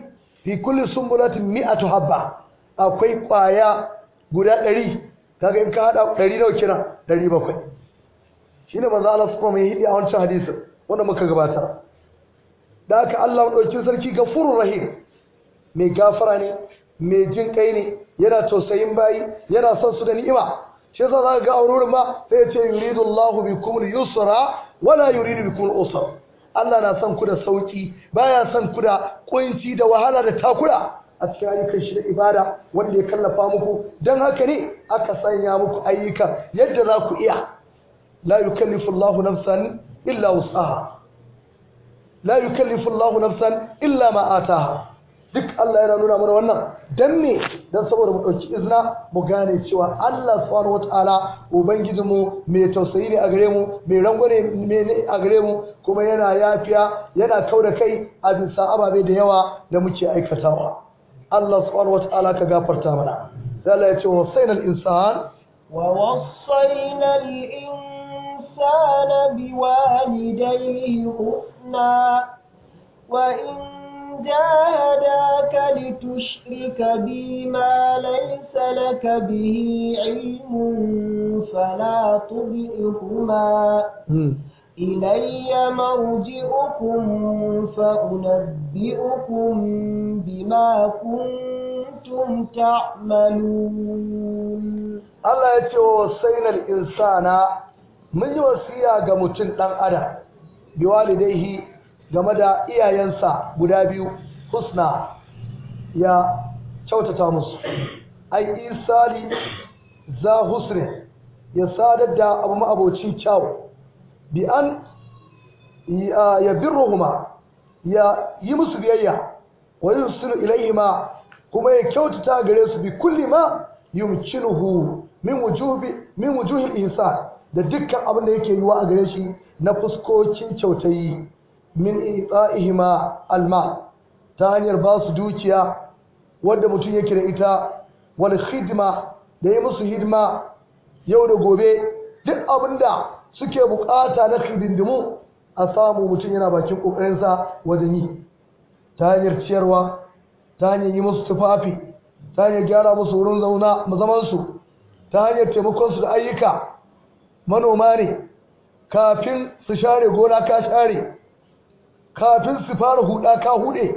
fi kulli sumbulatin mi'atu habba akwai ƙwaya guda ɗari kaga in ka haɗa ɗari nawa kira ɗari bakwai shi ne Allah suka mai hidi a wancan hadisin wanda muka gabata da haka Allah maɗaukin sarki gafurur rahim mai gafara ne mai jin kai ne yana tausayin bayi yana son su da ni'ima shi yasa zaka ga aururin ma sai ya ce yuridu Allahu bikum al-yusra wala yuridu bikum al-usra Allah na son ku da sauki baya son ku da kunci da wahala da takura a cikin ayyukan shi da ibada wanda ya kallafa muku dan haka ne aka sanya muku ayyuka yadda za ku iya la yukallifu Allahu nafsan illa wus'aha la yukallifu Allahu nafsan illa ma ataha duk Allah yana nuna mana wannan dan me dan saboda mu dauki izina mu gane cewa Allah subhanahu wataala ubangijin mu mai tausayi ne a gare mu mai rangwane ne a gare mu kuma yana yafiya yana kauda kai a bisa ababe da yawa da muke aikatawa Allah subhanahu wataala ka gafarta mana sai Allah ya ce wa sainal insan wa wasainal insana biwalidayhi husna wa in جاهداك لتشرك بي ما ليس لك به علم فلا تطعهما إلي مرجئكم فأنبئكم بما كنتم تعملون Allah ya ce wa sainal insana mun yi wasiya ga mutum ɗan adam biwalidaihi game da iyayensa guda biyu husna ya kyautata musu ai isali za husre ya sadar da abu ma'abocin kyau bi an ya birruhuma ya yi musu biyayya wa yusinu ilaihima kuma ya kyautata gare su bi kulli ma yumkinuhu min wujubi min da dukkan abin da yake yiwa a gare shi na fuskokin kyautayi min ita'ihima alma ta hanyar ba su dukiya wadda mutum yake da ita wal hidima da ya musu hidima yau da gobe duk abin da suke bukata na hidindimu a samu mutum yana bakin kokarinsa wajen yi ta hanyar ciyarwa ta hanyar yi musu tufafi ta hanyar gyara musu wurin zauna mazamansu ta hanyar su da ayyuka manoma ne kafin su share gona ka share kafin su fara huda ka hude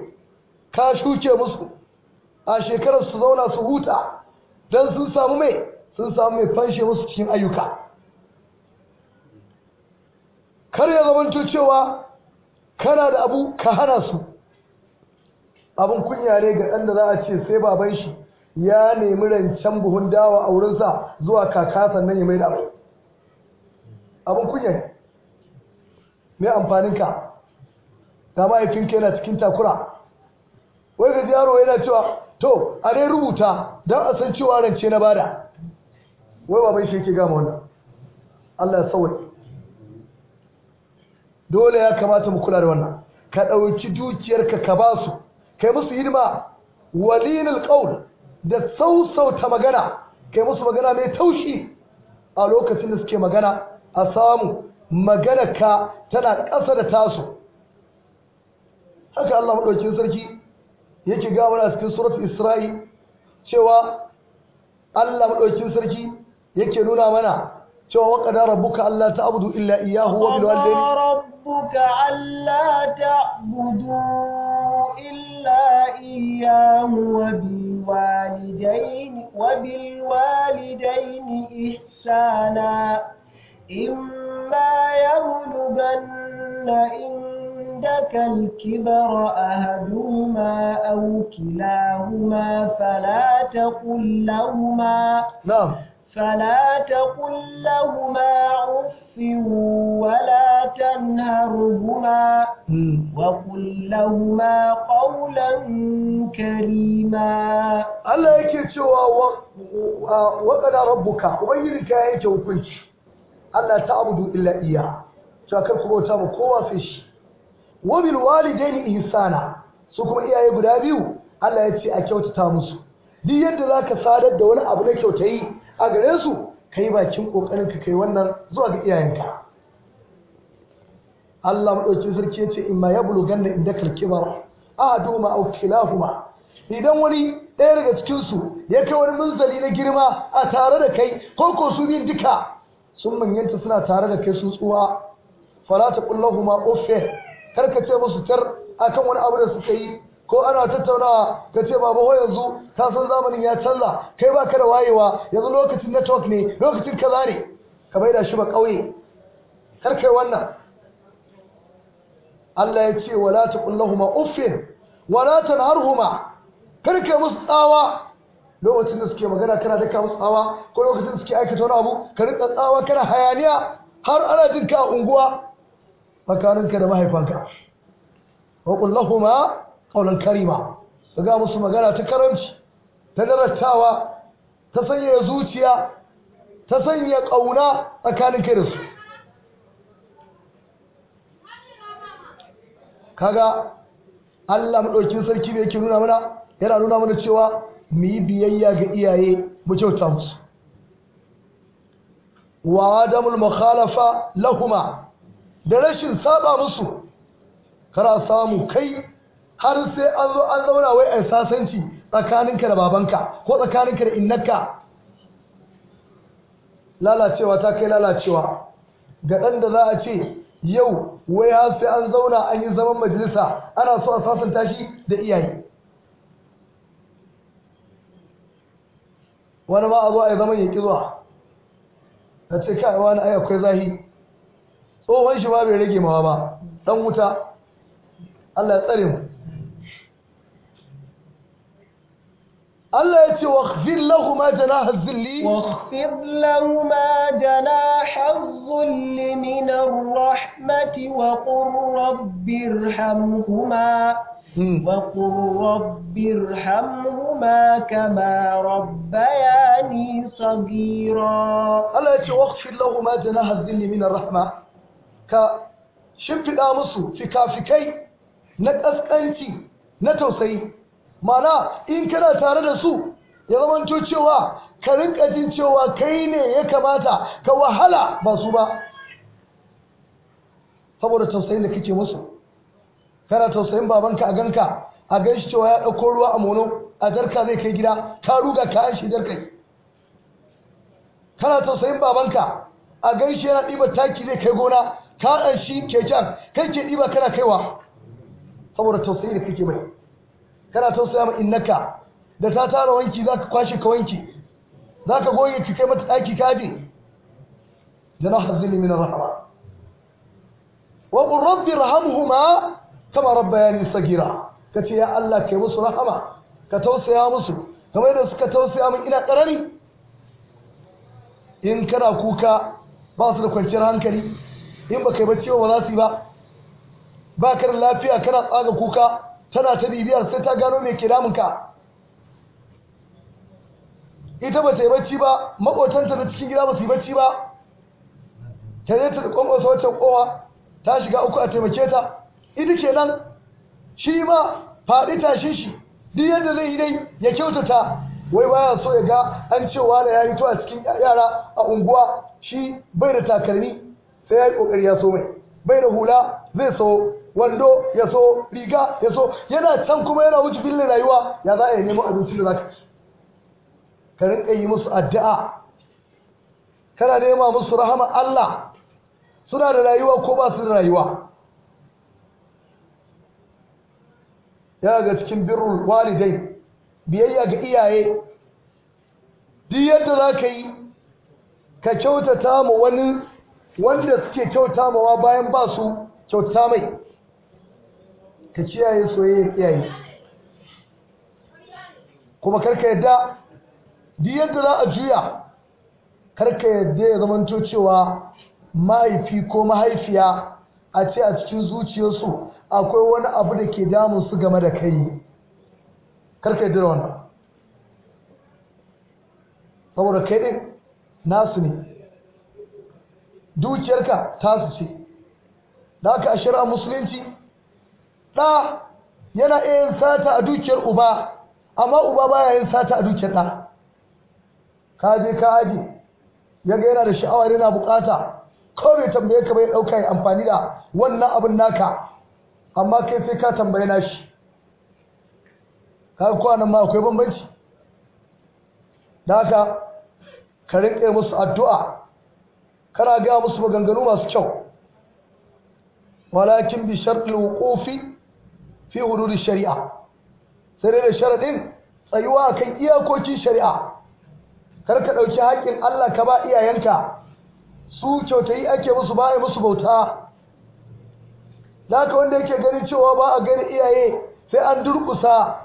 ka shuke musu a shekarar su zauna su huta don sun samu mai sun samu mai fanshe musu cikin ayyuka kar ya zamanto cewa kana da abu ka hana su abin kunya ne ga ɗan da za a ce sai baban shi ya nemi rancen buhun dawa a wurinsa zuwa kaka sannan ya mai da abin kunya ne mai amfaninka da mahaifinka yana cikin takura wai ga yaro yana cewa to a dai rubuta don a san cewa rance na bada wai baban shi yake gama wannan Allah ya sauwa dole ya kamata mu kula da wannan ka ɗauki dukiyarka ka ba su kai musu hidima walinul qaul da sausauta magana kai musu magana mai taushi a lokacin da suke magana a samu magana ka tana ƙasa da taso. haka Allah madaukakin sarki yake ga mana cikin suratul isra'i cewa Allah madaukakin sarki yake nuna mana cewa wa qadara rabbuka alla ta'budu illa iyyahu wa bil walidayni rabbuka alla ta'budu illa iyyahu wa bil walidayni wa bil walidayni ihsana imma yaghlubanna in عندك الكبر أحدهما أو كلاهما فلا تقل لهما نعم فلا تقل لهما عف ولا تنهرهما وقل لهما قولا كريما الله yake cewa wa qala rabbuka ubangiji ka yake hukunci Allah ta abudu illa iya to kar bauta kowa wa bil walidaini ihsana su kuma iyaye guda biyu Allah ya ce a kyautata musu duk yadda zaka sadar da wani abu na kyautayi a gare su kai bakin kokarin ka kai wannan zuwa ga iyayenka Allah madaukin sarki ya ce in ma yablughanna indakal kibar ahaduhuma aw khilafuma idan wani ɗaya daga cikin su ya kai wani munzali na girma a tare da kai ko ko su biyun duka sun manyanta suna tare da kai sun tsuwa kullahu ma ofe kar ka ce musu tar akan wani abu da suka yi ko ana tattaunawa ka ce baba ho yanzu ka san zamanin ya canza kai ba ka da wayewa yanzu lokacin network ne lokacin kaza ne ka bai da shi ba ƙauye kar kai wannan Allah ya ce wala taqullahuma uffin wala tanharhuma kar kai musu tsawa lokacin da suke magana kana daka musu tsawa ko lokacin da suke aikata wani abu ka rika tsawa kana hayaniya har ana jin ka a unguwa tsakaninka da mahaifanka wa kullahuma qawlan karima ga musu magana ta karanci ta darattawa ta sanya zuciya ta sanya kauna tsakaninka da su kaga Allah madaukin sarki ne yake nuna mana yana nuna mana cewa mu yi biyayya ga iyaye mu kyauta musu wa adamul mukhalafa lahuma da rashin saba musu kana samu kai har sai an zo an zauna wai a sasanci tsakaninka da babanka ko tsakaninka da innaka lalacewa ta kai lalacewa ga ɗan da za a ce yau wai har sai an zauna an yi zaman majalisa ana so a sasanta shi da iyaye wani ma a zo a yi zaman yaki zuwa a ce kai wani ai akwai zahi tsohon shi ba bai rage mawa ba dan wuta Allah ya tsare mu Allah ya ce waghfir lahuma janaha dhilli waghfir lahuma janaha dhilli min ar-rahmati wa qur rabbirhamhuma وقل رب ارحمهما كما ربياني صغيرا ألا يتوقف لهما جناح الذل من الرحمة ka shimfiɗa musu fikafikai na ƙasƙanci na tausayi mana in kana tare da su ya zamanto cewa ka rinka jin cewa kai ne ya kamata ka wahala ba su ba saboda tausayin da kake musu kana tausayin babanka a ganka a gan shi cewa ya ɗauko ruwa a mono a jarka zai kai gida ka ruga an shi jarkai kana tausayin babanka a gan shi yana ɗiba taki zai kai gona ka ɗanshi keken kai ke ɗiba kana kaiwa saboda tausayi da kake mai kana tausaya mai innaka da ta tara wanki za ka kwashe ka wanki za ka goge ka kai mata ɗaki kaji jana hazili min rahama wa qur rabbi irhamhuma kama rabbayani sagira kace ya Allah kai musu rahama ka tausaya musu kamar da suka tausaya min ina karani in kana kuka ba su da kwanciyar hankali in ba kai bacci ba za su yi ba ba ka da lafiya kana tsaga kuka tana ta bibiyar sai ta gano mai ke damunka ita ba ta yi bacci ba makotanta da cikin gida ba su yi bacci ba ta zai ta da kwanwasa wacce kowa ta shiga uku a taimake ta ita nan shi ma faɗi tashin shi duk yadda zai yi dai ya kyautata wai baya so ya ga an cewa da ya yi to a cikin yara a unguwa shi bai da takalmi sai ya yi kokari ya so mai bai da hula zai so wando ya so riga ya so yana can kuma yana wuce filin rayuwa ya za a yi neman abinci da za ka ka yi musu addu'a kana nema musu rahama Allah suna da rayuwa ko ba su da rayuwa ya ga cikin birrul walidai biyayya ga iyaye duk yadda za ka yi ka kyautata mu wani wanda suke kyauta mawa bayan ba su kyauta mai ka ciyaye soyayya iyaye kuma karka yadda duk yadda za a juya karka yadda ya zamanto cewa mahaifi ko mahaifiya a ce a cikin zuciyarsu akwai wani abu da ke damun su game da kai karka yadda da wannan saboda kai din nasu ne dukiyarka ta su ce da aka a shari'a musulunci ɗa yana iya yin sata a dukiyar uba amma uba baya yin sata a dukiyar ɗa kaje je ka aji ya ga yana da sha'awar yana bukata kawai tambaye ka bai ɗauka amfani da wannan abin naka amma kai sai ka tambaye nashi ka kuwa nan ma akwai bambanci da aka ka rinƙe musu addu'a kana gaya musu maganganu masu kyau walakin bi sharɗin wukufi fi hududin shari'a sai dai da sharaɗin tsayuwa kan iyakokin shari'a kar ka ɗauki haƙƙin Allah ka ba iyayenka su kyautayi ake musu ba a musu bauta da ka wanda yake ganin cewa ba a gani iyaye sai an durƙusa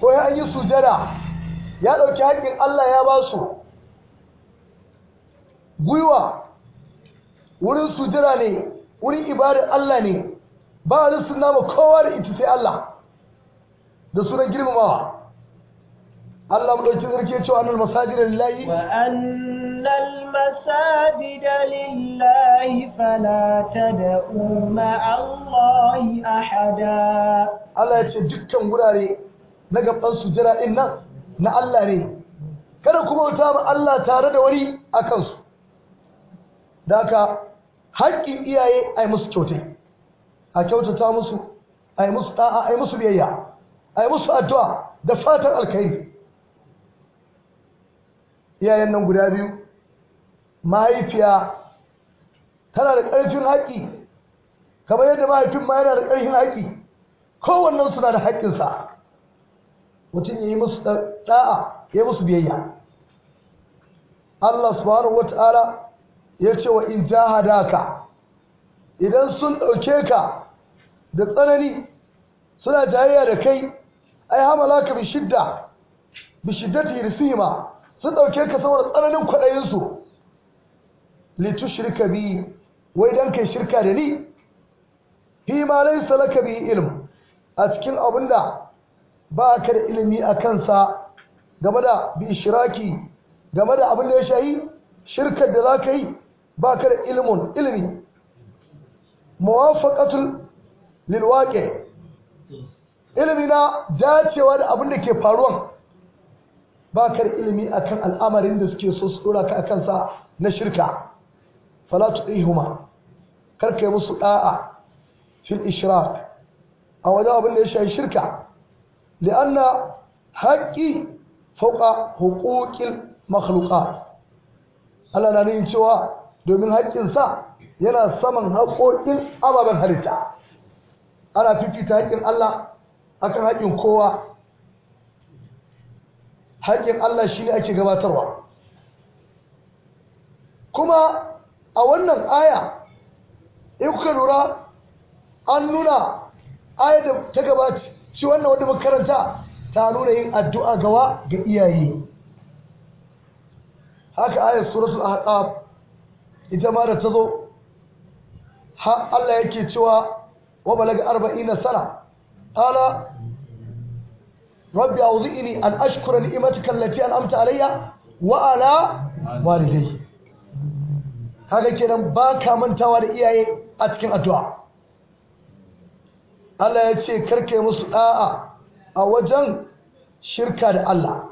ko ya an yi sujada ya ɗauki haƙƙin Allah ya ba su gwiwa wurin sujira ne wurin ibadar Allah ne ba a lissun nama kowa da ita sai Allah da sunan girmamawa Allah mu ɗauki sarki cewa annal masajida lillahi wa annal masajida lillahi fala tad'u ma'a Allahi ahada Allah ya ce dukkan wurare na gaban sujira din nan na Allah ne kada kuma wuta ba Allah tare da wani a kansu da haka haƙƙin iyaye a yi musu kyautai a kyautata musu a yi musu ɗa'a a yi musu biyayya a yi musu addu'a da fatan alkhairi iyayen nan guda biyu mahaifiya tana da ƙarfin haƙƙi kamar yadda mahaifin ma yana da ƙarfin haƙƙi kowannen suna da haƙƙinsa mutum ya yi musu ɗa'a ya yi musu biyayya Allah subhanahu wa ta'ala ya ce wa in jahadaka idan sun ɗauke ka da tsanani suna jayayya da kai ai hamalaka bi shidda bi shiddati risima sun ɗauke ka saboda tsananin kwaɗayinsu litu shirka bi wai dan kai shirka da ni fi ma laysa laka bi ilm a cikin abin da ba ka da ilimi a kansa game da bi shiraki game da abin da ya shayi shirkar da za ka yi ba ka da ilimin ilimi muwafaqatul lil ilimi na dacewa da abin da ke faruwan ba ka da ilimi akan al'amarin da suke so su dora ka akan sa na shirka fala tudihuma kar yi musu ɗa'a fil ishraq a wajen abin da ya shafi shirka li'anna haƙƙi fauƙa hukukin makhluqat Allah na nuna cewa domin haƙƙinsa yana saman haƙoƙin ababen halitta ana fifita haƙƙin Allah kan haƙƙin kowa haƙƙin Allah shi ne ake gabatarwa kuma a wannan aya in kuka lura an nuna aya da ta gabata shi wannan wadda makaranta ta nuna yin addu'a gawa ga iyaye haka ayar suratul ahqaf ita ma da ta zo ha Allah yake cewa wa balaga arba'ina sana qala rabbi awzi'ni an ashkura ni'mataka an an'amta alayya wa ala kenan ba ka mantawa da iyaye a cikin addu'a Allah ya ce karke musu ɗa'a a wajen shirka da Allah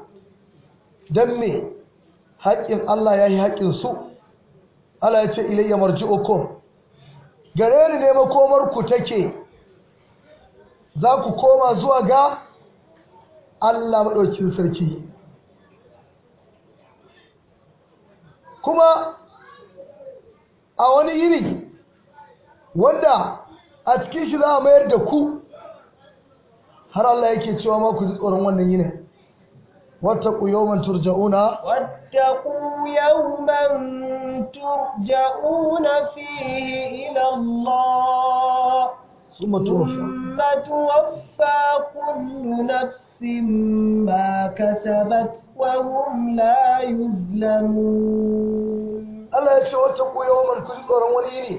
don me haƙƙin Allah ya yi haƙƙin su Allah ya ce ilayya marji'ukum gare ni ne makomar ku take za ku koma zuwa ga Allah maɗaukin sarki kuma a wani iri wanda a cikin shi za a mayar da ku har Allah yake cewa ma ku ji tsoron wannan yinin واتقوا يوما ترجعون واتقوا يوما ترجعون فيه إلى الله ثم توفى ثم توفى كل نفس ما كسبت وهم لا يظلمون ألا يتوتقوا يوما كنتم وليني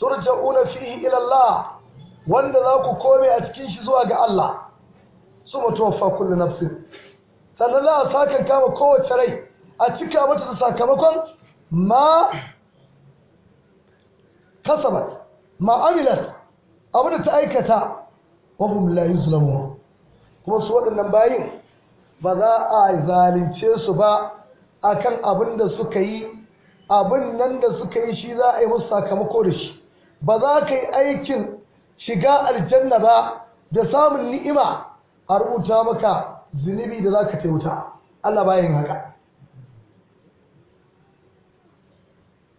ترجعون فيه إلى الله وأن ذاك كومي أتكيش زواج الله ثم توفى كل نفس sannan za a sakan kama kowace rai a cika mata da sakamakon ma kasabat ma amilat abu da ta aikata wa hum la kuma su waɗannan bayin ba za a zalunce su ba akan abin da suka yi abin nan da suka yi shi za a yi musu sakamako da shi ba za ka yi aikin shiga aljanna ba da samun ni'ima a rubuta maka zunubi da za ka kai wuta Allah bayan haka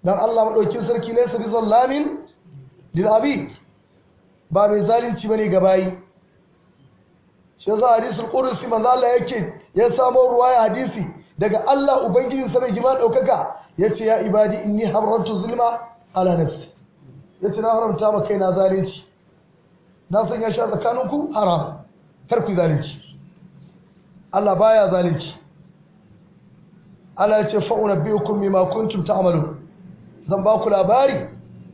dan Allah maɗaukin sarki laysa bi lamin, lil abid ba mai zalunci ba ne ga bayi shi yasa hadisul qudsi manzo Allah yake ya samo ruwa ya hadisi daga Allah ubangijin sa mai ɗaukaka. Ya ce ya ibadi in ni haramtu zulma ala nafsi ce na haramta ma kaina zalunci na sanya shi a tsakaninku haram kar ku zalunci Allah baya zalunci Allah ya ce fa'una bi'ukum mimma kuntum ta'malun zan ba ku labari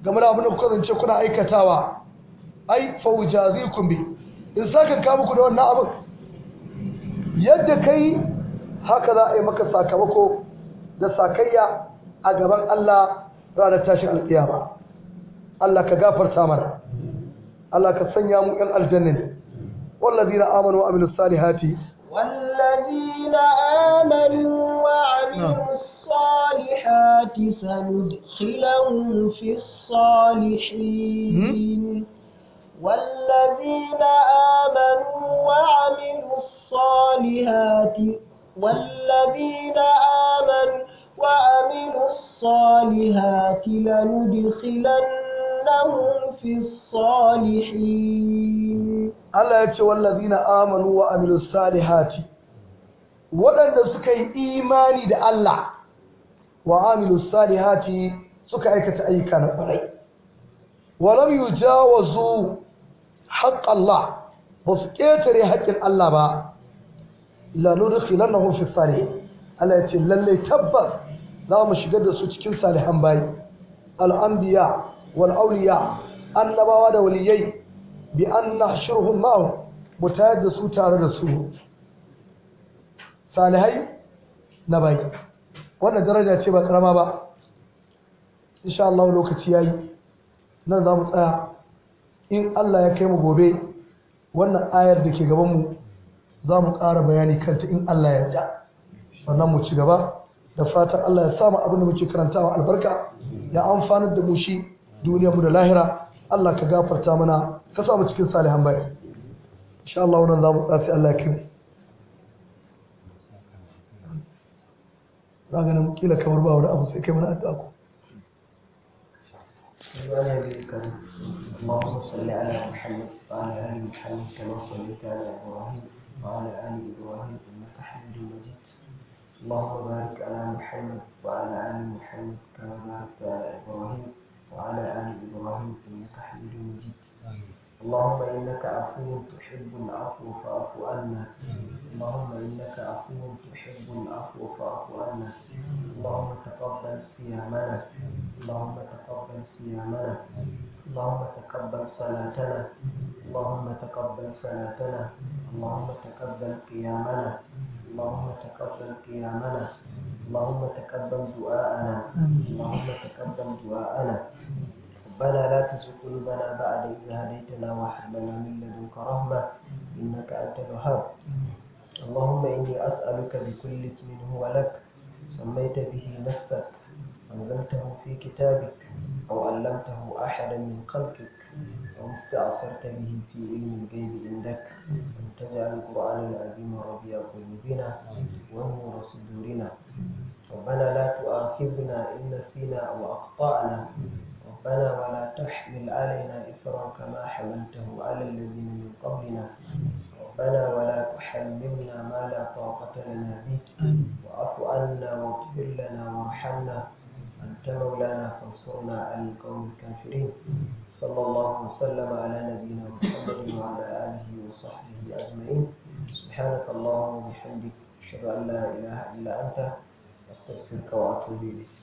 game da abin da kuka zance kuna aikatawa ai faujazikum bi in saka ka muku da wannan abin yadda kai haka za a yi maka sakamako da sakayya a gaban Allah ranar tashin alƙiyama Allah ka gafarta mana Allah ka sanya mu ƴan aljanna ne wallazina amanu wa amilus salihati wannan الذين آمنوا وعملوا الصالحات سندخلهم في الصالحين والذين آمنوا وعملوا الصالحات والذين آمنوا وعملوا الصالحات لندخلنهم في الصالحين Allah ya ce wallazina amanu wa amilus salihati waɗanda suka yi imani da Allah wa amilu salihati suka aikata ayyuka na ƙwarai wa lam yujawazu haqq Allah ba su ƙetare haƙƙin Allah ba lanudkhilannahum fi salihin Allah ya ce lalle tabbas za mu shigar da su cikin salihan bayi al'ambiya wal auliya annabawa da waliyai bi an nahshuruhum ma'ahu mu tayar da su tare da su salihai na baki wannan daraja ce ba karama ba insha Allah lokaci yayi nan za mu tsaya in Allah ya kai mu gobe wannan ayar da ke gaban mu za mu ƙara bayani kanta in Allah ya yarda sannan mu ci gaba da fatan Allah ya samu abin da muke karantawa albarka ya amfanar da mu shi duniya mu da lahira Allah ka gafarta mana ka samu cikin salihan bai insha Allah wannan za mu tsaya sai Allah ya kai mu za nan kila kamar ba wani abu sai kai mana addu'a ko اللهم صل على محمد وعلى ال محمد كما صليت على ابراهيم وعلى ال ابراهيم انك حميد مجيد اللهم بارك على محمد وعلى ال محمد كما باركت على ابراهيم وعلى ال ابراهيم انك حميد مجيد آمين. اللهم إنك عفو تحب العفو فاعف عنا اللهم إنك عفو تحب العفو فاعف عنا اللهم تقبل صيامنا اللهم تقبل صيامنا اللهم تقبل صلاتنا اللهم تقبل صلاتنا اللهم تقبل قيامنا اللهم تقبل قيامنا اللهم تقبل دعاءنا اللهم تقبل دعاءنا ربنا لا تزغ قلوبنا بعد إذ هديتنا وهب لنا من لدنك رحمة إنك أنت الوهاب اللهم إني أسألك بكل اسم هو لك سميت به نفسك أنزلته في كتابك أو علمته أحدا من خلقك أو استأثرت به في علم الغيب عندك أن تجعل القرآن العظيم ربيع قلوبنا ونور صدورنا ربنا لا تؤاخذنا إن نسينا أو أخطأنا ربنا ولا تحمل علينا إصرا كما حملته على الذين من قبلنا ربنا ولا تحملنا ما لا طاقة لنا به واعف عنا واغفر لنا وارحمنا أنت مولانا فانصرنا على القوم الكافرين صلى الله وسلم على نبينا محمد وعلى آله وصحبه أجمعين سبحانك اللهم وبحمدك أشهد أن لا إله إلا أنت أستغفرك وأتوب إليك